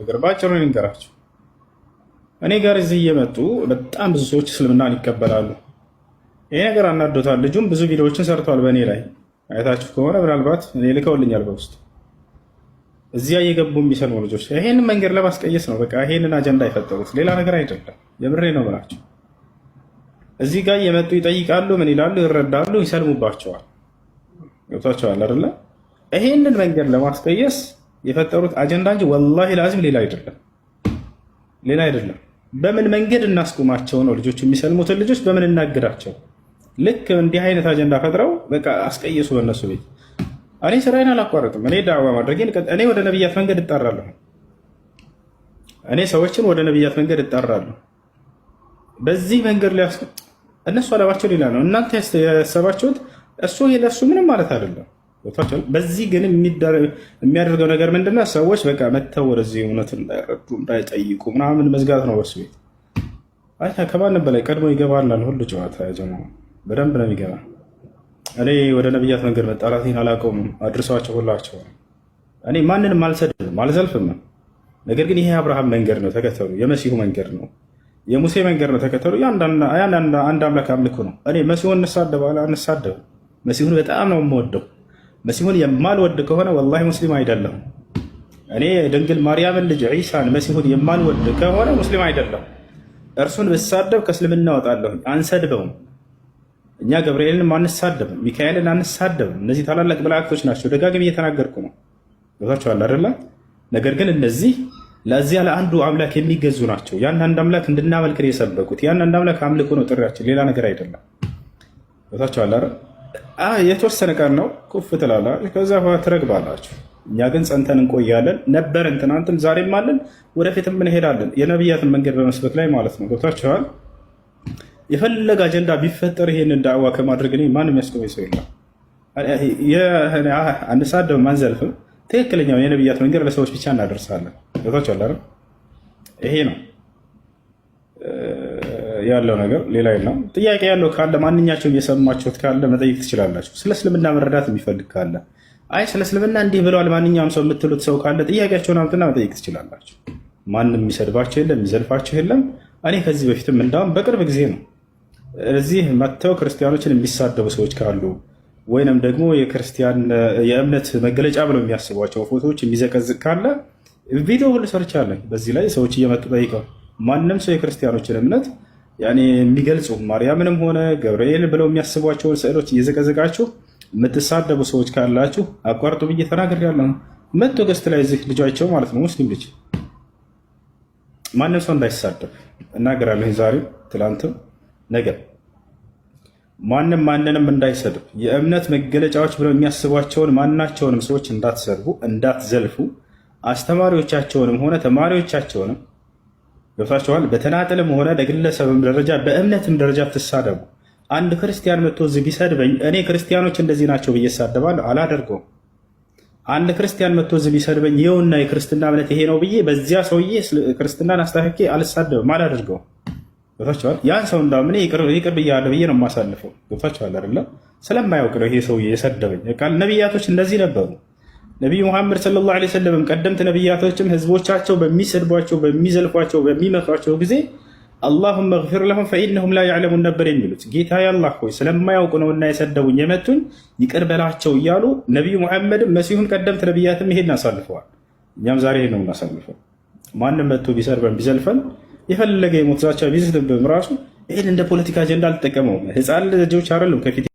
ነገር በአጭሩ ልንገራችሁ። እኔ ጋር እዚህ እየመጡ በጣም ብዙ ሰዎች እስልምናን ይቀበላሉ። ይሄ ነገር አናዶታል። ልጁም ብዙ ቪዲዮዎችን ሰርተዋል በእኔ ላይ አይታችሁ ከሆነ ምናልባት እኔ ልከውልኛል በውስጥ እዚያ እየገቡ የሚሰልሙ ልጆች ይሄንን መንገድ ለማስቀየስ ነው። በቃ ይሄንን አጀንዳ የፈጠሩት ሌላ ነገር አይደለም። የምሬ ነው ብላችሁ እዚህ ጋር እየመጡ ይጠይቃሉ፣ ምን ይላሉ፣ ይረዳሉ፣ ይሰልሙባቸዋል። ገብቷቸዋል አይደለ? ይሄንን መንገድ ለማስቀየስ የፈጠሩት አጀንዳ እንጂ ወላሂ ላዚም ሌላ አይደለም፣ ሌላ አይደለም። በምን መንገድ እናስቁማቸው ነው? ልጆች የሚሰልሙትን ልጆች በምን እናግዳቸው? ልክ እንዲህ አይነት አጀንዳ ፈጥረው በቃ አስቀየሱ በእነሱ ቤት። እኔ ስራዬን አላቋረጥም። እኔ ዳዋ ማድረግ እኔ ወደ ነቢያት መንገድ እጠራለሁ። እኔ ሰዎችን ወደ ነቢያት መንገድ እጠራለሁ። በዚህ መንገድ ላይ እነሱ አለባቸው ሌላ ነው። እናንተ ያሰባችሁት እሱ ለእሱ ምንም ማለት አይደለም። ቦታቸው። በዚህ ግን የሚያደርገው ነገር ምንድነው? ሰዎች በቃ መተው ወደዚህ እውነት እንዳይረዱ እንዳይጠይቁ ምናምን መዝጋት ነው። በሱ ቤት አይ ከማንም በላይ ቀድሞ ይገባላል። ሁሉ ጨዋታ ጀማ በደንብ ነው የሚገባ። እኔ ወደ ነብያት መንገድ መጣራትን አላውቀውም። አድርሰዋቸው ሁላቸው እኔ ማንንም አልሰድም አልዘልፍም። ነገር ግን ይሄ የአብርሃም መንገድ ነው ተከተሉ። የመሲሁ መንገድ ነው የሙሴ መንገድ ነው ተከተሉ። አንድ አምላክ አምልኩ ነው። እኔ መሲሁን እንሳደባል አንሳደብ። መሲሁን በጣም ነው የምወደው መሲሁን የማልወድ ከሆነ ወላሂ ሙስሊም አይደለም። እኔ ድንግል ማርያምን ልጅ ዒሳን መሲሁን የማልወድ ከሆነ ሙስሊም አይደለም። እርሱን ብሳደብ ከእስልምና ወጣለሁ። አንሰድበውም። እኛ ገብርኤልንም አንሳደብም፣ ሚካኤልን አንሳደብም። እነዚህ ታላላቅ መላእክቶች ናቸው። ደጋግም እየተናገርኩ ነው። ገብታችኋል አይደለ? ነገር ግን እነዚህ ለዚያ ለአንዱ አምላክ የሚገዙ ናቸው። ያን አንድ አምላክ እንድናመልክ የሰበኩት። ያን አንድ አምላክ አምልኮ ነው ጥሪያችን፣ ሌላ ነገር አይደለም። ገብታችኋል አይደል? የተወሰነ ቀን ነው ቁፍ ትላላ፣ ከዛ በኋላ ትረግባላችሁ። እኛ ግን ጸንተን እንቆያለን። ነበርን፣ ትናንትም ዛሬም አለን፣ ወደፊትም እንሄዳለን። የነቢያትን መንገድ በመስበክ ላይ ማለት ነው። ገብታችኋል? የፈለገ አጀንዳ ቢፈጠር ይሄንን ዳዕዋ ከማድረግ እኔ ማንም ያስቆመኝ ሰው የለም። አንሳደብም፣ አንዘልፍም። ትክክለኛውን የነቢያት መንገድ ለሰዎች ብቻ እናደርሳለን። ገብታችኋል? ይሄ ነው ያለው ነገር ሌላ የለም። ጥያቄ ያለው ካለ ማንኛቸው እየሰማችሁት ካለ መጠየቅ ትችላላችሁ። ስለ እስልምና መረዳት የሚፈልግ ካለ አይ ስለ እስልምና እንዲህ ብለዋል ማንኛውም ሰው የምትሉት ሰው ካለ ጥያቄያቸውን አምጥና መጠየቅ ትችላላችሁ። ማንም የሚሰድባቸው የለም፣ የሚዘልፋቸው የለም። እኔ ከዚህ በፊትም እንዳውም በቅርብ ጊዜ ነው እዚህ መጥተው ክርስቲያኖችን የሚሳደቡ ሰዎች ካሉ ወይንም ደግሞ የክርስቲያን የእምነት መገለጫ ብለው የሚያስቧቸው ፎቶዎች የሚዘቀዝቅ ካለ ቪዲዮ ሁሉ ሰርቻለሁ። በዚህ ላይ ሰዎች እየመጡ ጠይቀው ማንም ሰው የክርስቲያኖችን እምነት ያኔ የሚገልጹ ማርያምንም ሆነ ገብርኤል ብለው የሚያስቧቸውን ስዕሎች እየዘቀዘቃችሁ የምትሳደቡ ሰዎች ካላችሁ አቋርጡ ብዬ ተናገር ያለ ነው። መቶ ገስት ላይ እዚህ ልጃቸው ማለት ነው ሙስሊም ልጅ ማንም ሰው እንዳይሳደብ እናገራለሁ። ዛሬ ትላንትም ነገር ማንም ማንንም እንዳይሰድብ የእምነት መገለጫዎች ብለው የሚያስቧቸውን ማናቸውንም ሰዎች እንዳትሰድቡ፣ እንዳትዘልፉ አስተማሪዎቻቸውንም ሆነ ተማሪዎቻቸውንም ገብቷቸዋል። በተናጠልም ሆነ ለግለሰብም ደረጃ በእምነትም ደረጃ ትሳደቡ። አንድ ክርስቲያን መጥቶ እዚህ ቢሰድበኝ እኔ ክርስቲያኖች እንደዚህ ናቸው ብዬ እሳደባለሁ? አላደርገውም። አንድ ክርስቲያን መጥቶ እዚህ ቢሰድበኝ ይኸውና የክርስትና እምነት ይሄ ነው ብዬ በዚያ ሰውዬ ክርስትናን አስታክኬ አልሳደብም፣ አላደርገውም። ገብቷቸዋል። ያን ሰው እንዳውም እኔ ይቅር ብያለሁ ብዬ ነው የማሳልፈው። ገብቷቸዋል አይደለም? ስለማያውቅ ነው ይሄ ሰውዬ የሰደበኝ። ነቢያቶች እንደዚህ ነበሩ። ነቢይ ሙሐመድ ሰለላሁ ዓለይሂ ወሰለም ቀደምት ነቢያቶችም ህዝቦቻቸው በሚሰድቧቸው፣ በሚዘልፏቸው፣ በሚመቷቸው ጊዜ አላሁመ ግፊር ለሁም ፈኢነሁም ላ ያዕለሙን ነበር የሚሉት። ጌታ ያላህ ሆይ ስለማያውቁ ነውና የሰደቡኝ የመቱኝ ይቅር በላቸው እያሉ ነቢዩ ሙሐመድም መሲሁን ቀደምት ነቢያትም ይሄን አሳልፈዋል። እኛም ዛሬ ይሄ ነው እናሳልፈው። ማንም መጥቶ ቢሰርበን ቢዘልፈን የፈለገ የሞት ዛቻ ቢዝትብም ራሱ ይህን እንደ ፖለቲካ አጀንዳ አልጠቀመውም። ህፃን ልጆች አይደሉም ከፊት